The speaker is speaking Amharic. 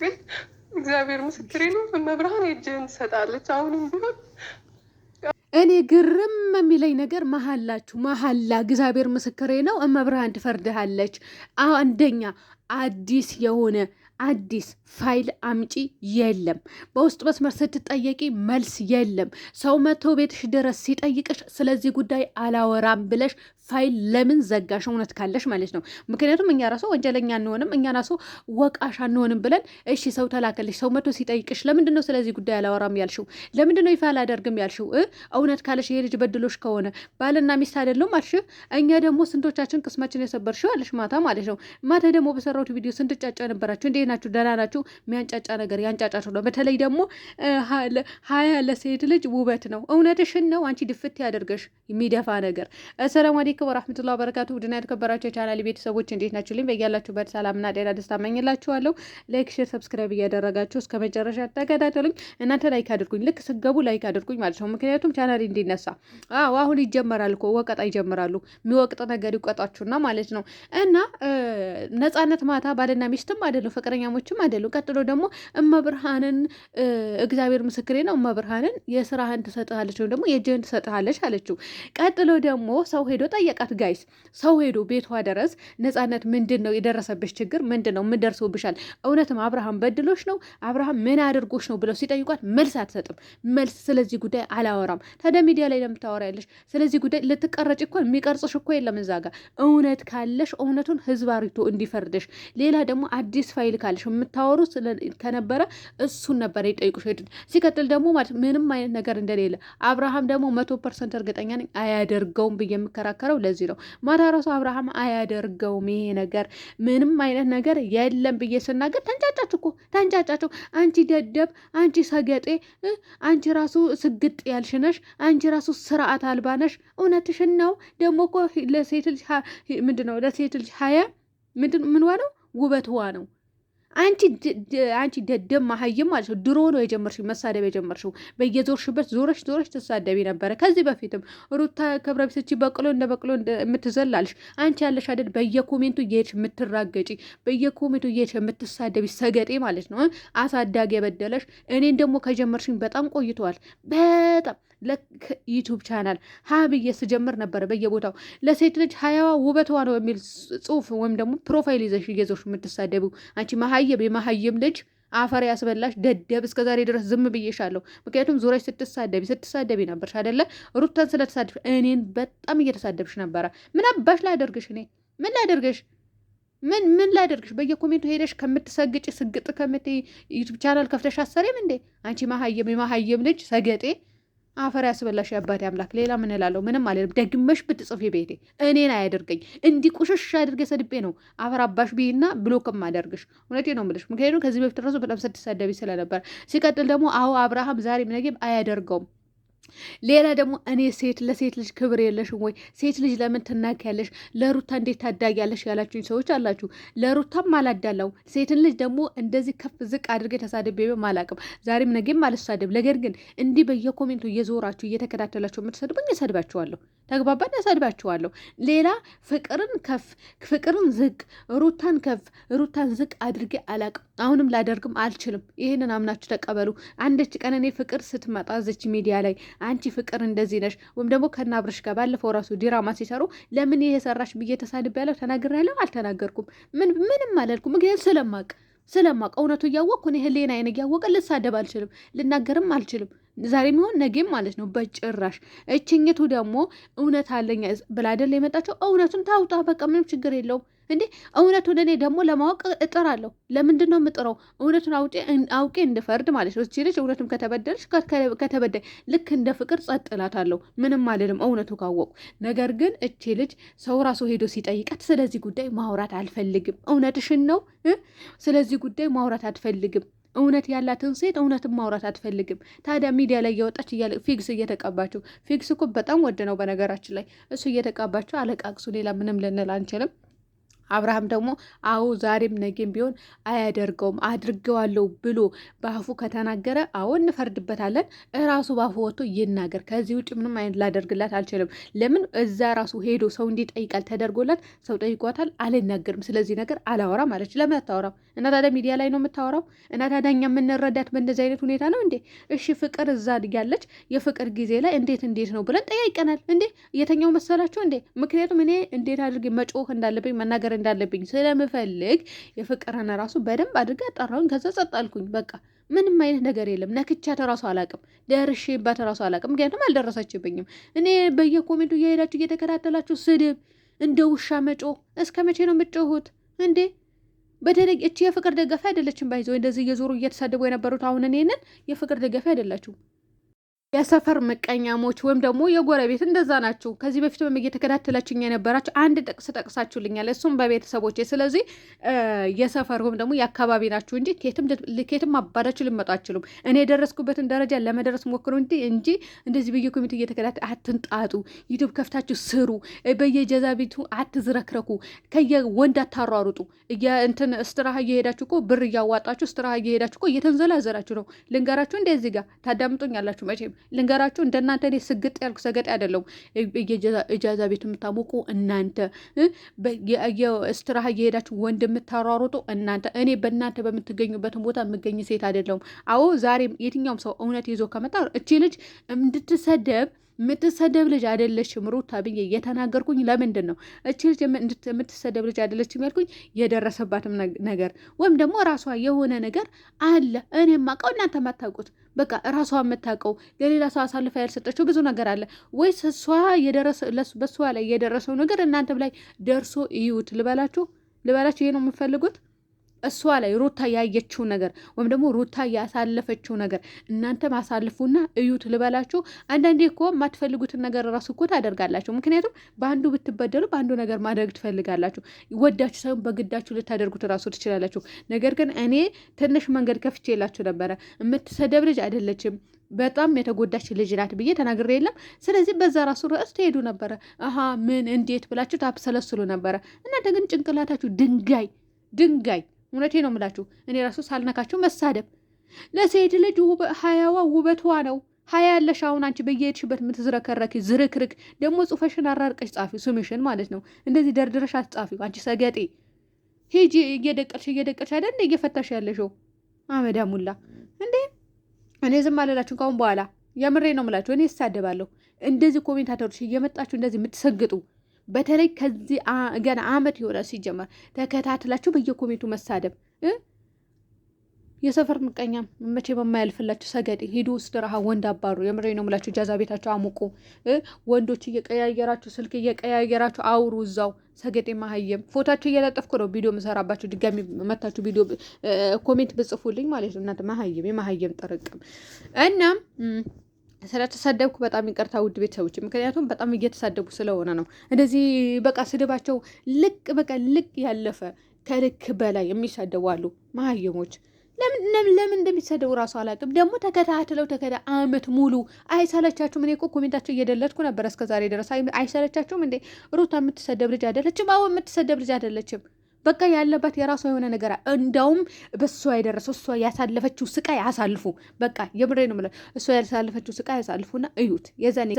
ግን እግዚአብሔር ምስክሬ ነው፣ መብርሃን እጅህን ትሰጣለች። አሁንም ቢሆን እኔ ግርም የሚለኝ ነገር መሀላችሁ መሀላ እግዚአብሔር ምስክሬ ነው። እመብርሃን ትፈርድሃለች። አንደኛ አዲስ የሆነ አዲስ ፋይል አምጪ የለም። በውስጥ መስመር ስትጠየቂ መልስ የለም። ሰው መቶ ቤትሽ ድረስ ሲጠይቅሽ ስለዚህ ጉዳይ አላወራም ብለሽ ፋይል ለምን ዘጋሽ? እውነት ካለሽ ማለት ነው። ምክንያቱም እኛ ራሱ ወንጀለኛ አንሆንም፣ እኛ ራሱ ወቃሽ አንሆንም ብለን እሺ፣ ሰው ተላከልሽ፣ ሰው መቶ ሲጠይቅሽ ለምንድን ነው ስለዚህ ጉዳይ አላወራም ያልሽው? ለምንድን ነው ይፋ አላደርግም ያልሽው? እውነት ካለሽ ይሄ ልጅ በድሎሽ ከሆነ ባልና ሚስት አይደለም አልሽ። እኛ ደግሞ ስንቶቻችን ቅስማችን የሰበርሽው አለሽ፣ ማታ ማለት ነው። ማታ ደግሞ በሰራሁት ቪዲዮ ስንትጫጫ ነበራችሁ? እንዴት ናችሁ? ደህና ናችሁ? የሚያንጫጫ ነገር ያንጫጫችሁ ነው። በተለይ ደግሞ ሀያ ለሴት ልጅ ውበት ነው። እውነትሽን ነው። አንቺ ድፍት ያደርገሽ የሚደፋ ነገር። ሰላም አሌይኩም ወራህመቱላሂ ወበረካቱ ውድና የተከበራችሁ የቻናል ቤተሰቦች እንዴት ናችሁ? ልኝ በያላችሁበት ሰላምና ጤና ደስታ እመኝላችኋለሁ። ላይክ፣ ሼር፣ ሰብስክራይብ እያደረጋችሁ እስከ መጨረሻ ተከታተሉኝ። እናንተ ላይክ አድርጉኝ፣ ልክ ስገቡ ላይክ አድርጉኝ ማለት ነው። ምክንያቱም ቻናል እንዲነሳ። አዎ አሁን ይጀመራል እኮ ወቀጣ ይጀምራሉ። የሚወቅጥ ነገር ይቆጣችሁና ማለት ነው። እና ነጻነት ማታ ባልና ሚስትም አይደሉ፣ ፍቅረኛሞችም አይደሉ። ቀጥሎ ደግሞ እመብርሃንን እግዚአብሔር ምስክሬ ነው፣ እመብርሃንን የስራህን ትሰጥሃለች ወይም ደግሞ የእጅህን ትሰጥሃለች አለችው። ቀጥሎ ደግሞ ሰው ሄዶ ጠየቃት። ጋይስ ሰው ሄዶ ቤቷ ድረስ ነፃነት፣ ምንድን ነው የደረሰብሽ ችግር ምንድን ነው? ምን ደርሶብሻል? እውነትም አብርሃም በድሎች ነው? አብርሃም ምን አድርጎች ነው ብለው ሲጠይቋት መልስ አትሰጥም። መልስ ስለዚህ ጉዳይ አላወራም። ታዲያ ሚዲያ ላይ ለምታወራ ያለሽ ስለዚህ ጉዳይ ልትቀረጭ እኮ የሚቀርጽሽ እኮ የለም እዛ ጋር። እውነት ካለሽ እውነቱን ህዝብ አሪቶ እንዲፈርድሽ፣ ሌላ ደግሞ አዲስ ፋይል ካለሽ የምታወሩ ከነበረ እሱን ነበር የጠይቁሽ። ሲቀጥል ደግሞ ማለት ምንም አይነት ነገር እንደሌለ አብርሃም ደግሞ መቶ ፐርሰንት እርግጠኛ ነኝ አያደርገውም ብዬ የምከራከረው የምናገረው ለዚህ ነው። ማታ ራሱ አብርሃም አያደርገውም ይሄ ነገር ምንም አይነት ነገር የለም ብዬ ስናገር ተንጫጫችሁ እኮ ተንጫጫችሁ። አንቺ ደደብ፣ አንቺ ሰገጤ፣ አንቺ ራሱ ስግጥ ያልሽነሽ፣ አንቺ ራሱ ስርዓት አልባነሽ። እውነትሽን ነው ደግሞ እኮ ለሴት ልጅ ምንድን ነው ለሴት ልጅ ሀያ ምንድን ምንዋ ነው ውበትዋ ነው አንቺ አንቺ ደደም ማሀይም ማለት ነው። ድሮ ነው የጀመርሽው መሳደብ የጀመርሽው። በየዞርሽበት ዞረሽ ዞረሽ ትሳደቢ ነበረ። ከዚህ በፊትም ሩታ ከብረቤቶች በቅሎ እንደ በቅሎ የምትዘላልሽ አንቺ ያለሽ አይደል? በየኮሜንቱ እየሄድሽ የምትራገጪ በየኮሜንቱ እየሄድሽ የምትሳደቢ ሰገጤ ማለት ነው። አሳዳጊ የበደለሽ። እኔን ደግሞ ከጀመርሽኝ በጣም ቆይተዋል በጣም ዩቱብ ቻናል ሀ ብዬ ስጀምር ነበረ በየቦታው ለሴት ልጅ ሀያዋ ውበቷ ነው የሚል ጽሁፍ ወይም ደግሞ ፕሮፋይል ይዘሽ እየዞሽ የምትሳደቡ አንቺ መሀየም የመሀየም ልጅ አፈር ያስበላሽ ደደብ፣ እስከ ዛሬ ድረስ ዝም ብዬሻለሁ። ምክንያቱም ዙሪያሽ ስትሳደቢ ስትሳደቢ ነበርሽ አይደለ? ሩተን ስለተሳደብሽ እኔን በጣም እየተሳደብሽ ነበረ። ምን አባሽ ላደርግሽ? እኔ ምን ላደርግሽ? ምን ምን ላደርግሽ? በየኮሜንቱ ሄደሽ ከምትሰግጭ ስግጥ ከምት ዩቱብ ቻናል ከፍተሽ አሰሬም እንዴ አንቺ መሀየም የመሀየም ልጅ ሰገጤ አፈር ያስበላሽ የአባቴ አምላክ። ሌላ ምን እላለሁ? ምንም አልልም። ደግመሽ ብትጽፊ ቤቴ እኔን አያደርገኝ። እንዲህ ቁሽሽ አድርገ ሰድቤ ነው አፈር አባሽ ብይና ብሎክም አደርግሽ። እውነቴ ነው የምልሽ። ምክንያቱም ከዚህ በፊት ራሱ በጣም ስትሳደቢ ስለነበር። ሲቀጥል ደግሞ አሁ አብርሃም ዛሬ ምነጌም አያደርገውም ሌላ ደግሞ እኔ ሴት ለሴት ልጅ ክብር የለሽም ወይ? ሴት ልጅ ለምን ትናኪያለሽ? ለሩታ እንዴት ታዳጊ ያለሽ ያላችሁኝ ሰዎች አላችሁ። ለሩታም አላዳላው ሴትን ልጅ ደግሞ እንደዚህ ከፍ ዝቅ አድርገ ተሳድቤ አላቅም። ዛሬም ነገም አልሳደብ። ነገር ግን እንዲህ በየኮሜንቱ እየዞራችሁ እየተከታተላችሁ የምትሰድቡኝ እሰድባችኋለሁ። ተግባባን። ያሳድባችኋለሁ። ሌላ ፍቅርን ከፍ ፍቅርን ዝቅ ሩታን ከፍ ሩታን ዝቅ አድርጌ አላቅም። አሁንም ላደርግም አልችልም። ይህንን አምናችሁ ተቀበሉ። አንደች ቀን እኔ ፍቅር ስትመጣ እዚች ሚዲያ ላይ አንቺ ፍቅር እንደዚህ ነሽ ወይም ደግሞ ከናብረሽ ጋር ባለፈው ራሱ ዲራማ ሲሰሩ ለምን ይሄ ሰራሽ ብዬ ተሳድብ ያለው ተናግር ያለው አልተናገርኩም። ምንም አላልኩም። ምክንያት ስለማቅ ስለማቅ እውነቱ እያወቅኩ እኔ ህሌና አይን እያወቀ ልሳደብ አልችልም፣ ልናገርም አልችልም። ዛሬ የሚሆን ነገም ማለት ነው። በጭራሽ እችኝቱ ደግሞ እውነት አለኝ ብላ አይደል የመጣቸው። እውነቱን ታውጣ በቃ ምንም ችግር የለውም። እንዴ እውነቱን እኔ ደግሞ ለማወቅ እጥራለሁ። ለምንድን ነው የምጥረው? እውነቱን አውቄ እንድፈርድ ማለት ነው። ልጅ እውነቱም ከተበደለች ከተበዳይ ልክ እንደ ፍቅር ጸጥ እላታለሁ። ምንም አልልም እውነቱ ካወቁ። ነገር ግን እቺ ልጅ ሰው ራሱ ሄዶ ሲጠይቃት ስለዚህ ጉዳይ ማውራት አልፈልግም። እውነትሽን ነው፣ ስለዚህ ጉዳይ ማውራት አልፈልግም እውነት ያላትን ሴት እውነትን ማውራት አትፈልግም። ታዲያ ሚዲያ ላይ እያወጣች ፊግስ እየተቀባችው ፊግስ እኮ በጣም ወድ ነው በነገራችን ላይ እሱ እየተቀባችው አለቃቅሱ። ሌላ ምንም ልንል አንችልም። አብርሃም ደግሞ አዎ ዛሬም ነገም ቢሆን አያደርገውም አድርገዋለሁ ብሎ በአፉ ከተናገረ አዎ እንፈርድበታለን። እራሱ በአፉ ወጥቶ ይናገር። ከዚህ ውጭ ምንም አይነት ላደርግላት አልችልም። ለምን እዛ ራሱ ሄዶ ሰው እንዲጠይቃል ተደርጎላት፣ ሰው ጠይቋታል። አልናገርም፣ ስለዚህ ነገር አላወራም አለች። ለምን አታወራም? እና ታዲያ ሚዲያ ላይ ነው የምታወራው? እና ታዲያ እኛ የምንረዳት በእንደዚህ አይነት ሁኔታ ነው እንዴ? እሺ ፍቅር እዛ ያለች የፍቅር ጊዜ ላይ እንዴት እንዴት ነው ብለን ጠያይቀናል እንዴ? እየተኛው መሰላችሁ እንዴ? ምክንያቱም እኔ እንዴት አድርጌ መጮህ እንዳለብኝ መናገር እንዳለብኝ ስለምፈልግ የፍቅርን ራሱ በደንብ አድርጋ ጠራሁኝ። ከዛ ጸጥ አልኩኝ። በቃ ምንም አይነት ነገር የለም። ነክቻት ራሱ አላቅም፣ ደርሼባት ራሱ አላቅም። ምክንያቱም አልደረሰችብኝም። እኔ በየኮሜንቱ እየሄዳችሁ እየተከታተላችሁ ስድብ እንደ ውሻ መጮ እስከ መቼ ነው የምጮሁት እንዴ? በተለይ እቺ የፍቅር ደጋፊ አይደለችም። ባይዘው እንደዚህ እየዞሩ እየተሳደቡ የነበሩት አሁን እኔንን የፍቅር ደጋፊ አይደላችሁም። የሰፈር ምቀኛሞች ወይም ደግሞ የጎረቤት እንደዛ ናችሁ። ከዚህ በፊት እየተከታተላችሁኝ የነበራችሁ አንድ ጥቅስ ጠቅሳችሁልኛል፣ እሱም በቤተሰቦች ስለዚህ የሰፈር ወይም ደግሞ የአካባቢ ናችሁ እንጂ ኬትም አባዳችሁ ልመጡ አችሉም። እኔ የደረስኩበትን ደረጃ ለመደረስ ሞክሩ እንጂ እንደዚህ ብዬ ኮሚቴ እየተከታተ አትንጣጡ። ዩቱብ ከፍታችሁ ስሩ። በየጀዛ ቤቱ አትዝረክረኩ። ከየወንድ አታሯሩጡ። እንትን ስትራሃ እየሄዳችሁ እኮ ብር እያዋጣችሁ ስትራሃ እየሄዳችሁ እኮ እየተንዘላዘላችሁ ነው። ልንገራችሁ እንደዚህ ጋር ታዳምጡኝ መቼም ልንገራችሁ፣ እንደናንተ እኔ ስግጥ ያልኩ ሰገጥ አይደለሁ። እጃዛ ቤት የምታሞቁ እናንተ፣ ስትራሃ እየሄዳችሁ ወንድ የምታሯሩጡ እናንተ። እኔ በእናንተ በምትገኙበትን ቦታ የምገኝ ሴት አይደለሁም። አዎ ዛሬም የትኛውም ሰው እውነት ይዞ ከመጣ እቺ ልጅ እንድትሰደብ የምትሰደብ ልጅ አይደለሽም ሩታ ብዬ እየተናገርኩኝ ለምንድን ነው እቺ ልጅ የምትሰደብ ልጅ አይደለችም ያልኩኝ? የደረሰባትም ነገር ወይም ደግሞ ራሷ የሆነ ነገር አለ እኔ የማውቀው እናንተ የማታውቁት በቃ ራሷ የምታውቀው ለሌላ ሰው አሳልፋ ያልሰጠችው ብዙ ነገር አለ። ወይስ እሷ በእሷ ላይ የደረሰው ነገር እናንተም ላይ ደርሶ እዩት ልበላችሁ ልበላችሁ፣ ይሄ ነው የምፈልጉት። እሷ ላይ ሩታ ያየችው ነገር ወይም ደግሞ ሩታ ያሳለፈችው ነገር እናንተም አሳልፉና እዩት ልበላችሁ። አንዳንዴ እኮ የማትፈልጉትን ነገር ራሱ እኮ ታደርጋላችሁ። ምክንያቱም በአንዱ ብትበደሉ በአንዱ ነገር ማድረግ ትፈልጋላችሁ። ወዳችሁ ሳይሆን በግዳችሁ ልታደርጉት ራሱ ትችላላችሁ። ነገር ግን እኔ ትንሽ መንገድ ከፍቼላችሁ ነበረ። የምትሰደብ ልጅ አይደለችም በጣም የተጎዳች ልጅ ናት ብዬ ተናግሬ የለም። ስለዚህ በዛ ራሱ ርዕስ ትሄዱ ነበረ። አሀ ምን እንዴት ብላችሁ ታብሰለስሉ ነበረ። እናንተ ግን ጭንቅላታችሁ ድንጋይ ድንጋይ እውነቴ ነው የምላችሁ። እኔ ራሱ ሳልነካችሁ መሳደብ ለሴት ልጅ ሀያዋ ውበቷ ነው። ሀያ ያለሽ አሁን አንቺ በየሄድሽበት የምትዝረከረኪ ዝርክርክ ደግሞ ጽሁፈሽን አራርቀሽ ጻፊ፣ ስምሽን ማለት ነው። እንደዚህ ደርድረሽ አትጻፊው። አንቺ ሰገጤ ሂጂ እየደቀልሽ እየደቀልሽ አይደል እየፈታሽ ያለሽው አመዳሙላ እንዴ! እኔ ዝም አልላችሁ ካሁን በኋላ የምሬ ነው የምላችሁ። እኔ እሳደባለሁ። እንደዚህ ኮሜንታተሮች እየመጣችሁ እንደዚህ የምትሰግጡ በተለይ ከዚህ ገና አመት የሆነ ሲጀመር ተከታትላችሁ በየኮሜቱ መሳደብ የሰፈር ምቀኛ መቼ በማያልፍላችሁ ሰገጤ ሂዱ ውስጥ ረሃ ወንድ አባሩ። የምሬ ነው የምላችሁ። ጃዛ ቤታችሁ አሙቁ። ወንዶች እየቀያየራችሁ ስልክ እየቀያየራችሁ አውሩ እዛው ሰገጤ ማሀየም ፎታችሁ እየለጠፍኩ ነው ቪዲዮ የምሰራባችሁ። ድጋሚ መታችሁ ቪዲዮ ኮሜንት ብጽፉልኝ ማለት ነው እናንተ ማህየም የማሀየም ጥርቅም እናም ስለተሳደብኩ በጣም ይቅርታ ውድ ቤተሰቦች፣ ምክንያቱም በጣም እየተሳደቡ ስለሆነ ነው። እንደዚህ በቃ ስድባቸው ልቅ በቃ ልቅ ያለፈ ከልክ በላይ የሚሳደቡ አሉ መሀየሞች። ለምን እንደሚሳደቡ እራሱ አላውቅም። ደግሞ ተከታትለው ተከታ አመት ሙሉ አይሰለቻችሁም? እኔ እኮ ኮሜንታቸው እየደለትኩ ነበር እስከዛሬ ድረስ። አይሰለቻችሁም እንዴ? ሩታ የምትሰደብ ልጅ አይደለችም። አዎ የምትሰደብ ልጅ አይደለችም። በቃ ያለባት የራሷ የሆነ ነገር እንደውም በእሷ የደረሰው እሷ ያሳለፈችው ስቃይ አሳልፉ። በቃ የምሬ ነው የምለው እሷ ያሳለፈችው ስቃይ አሳልፉና እዩት የዛኔ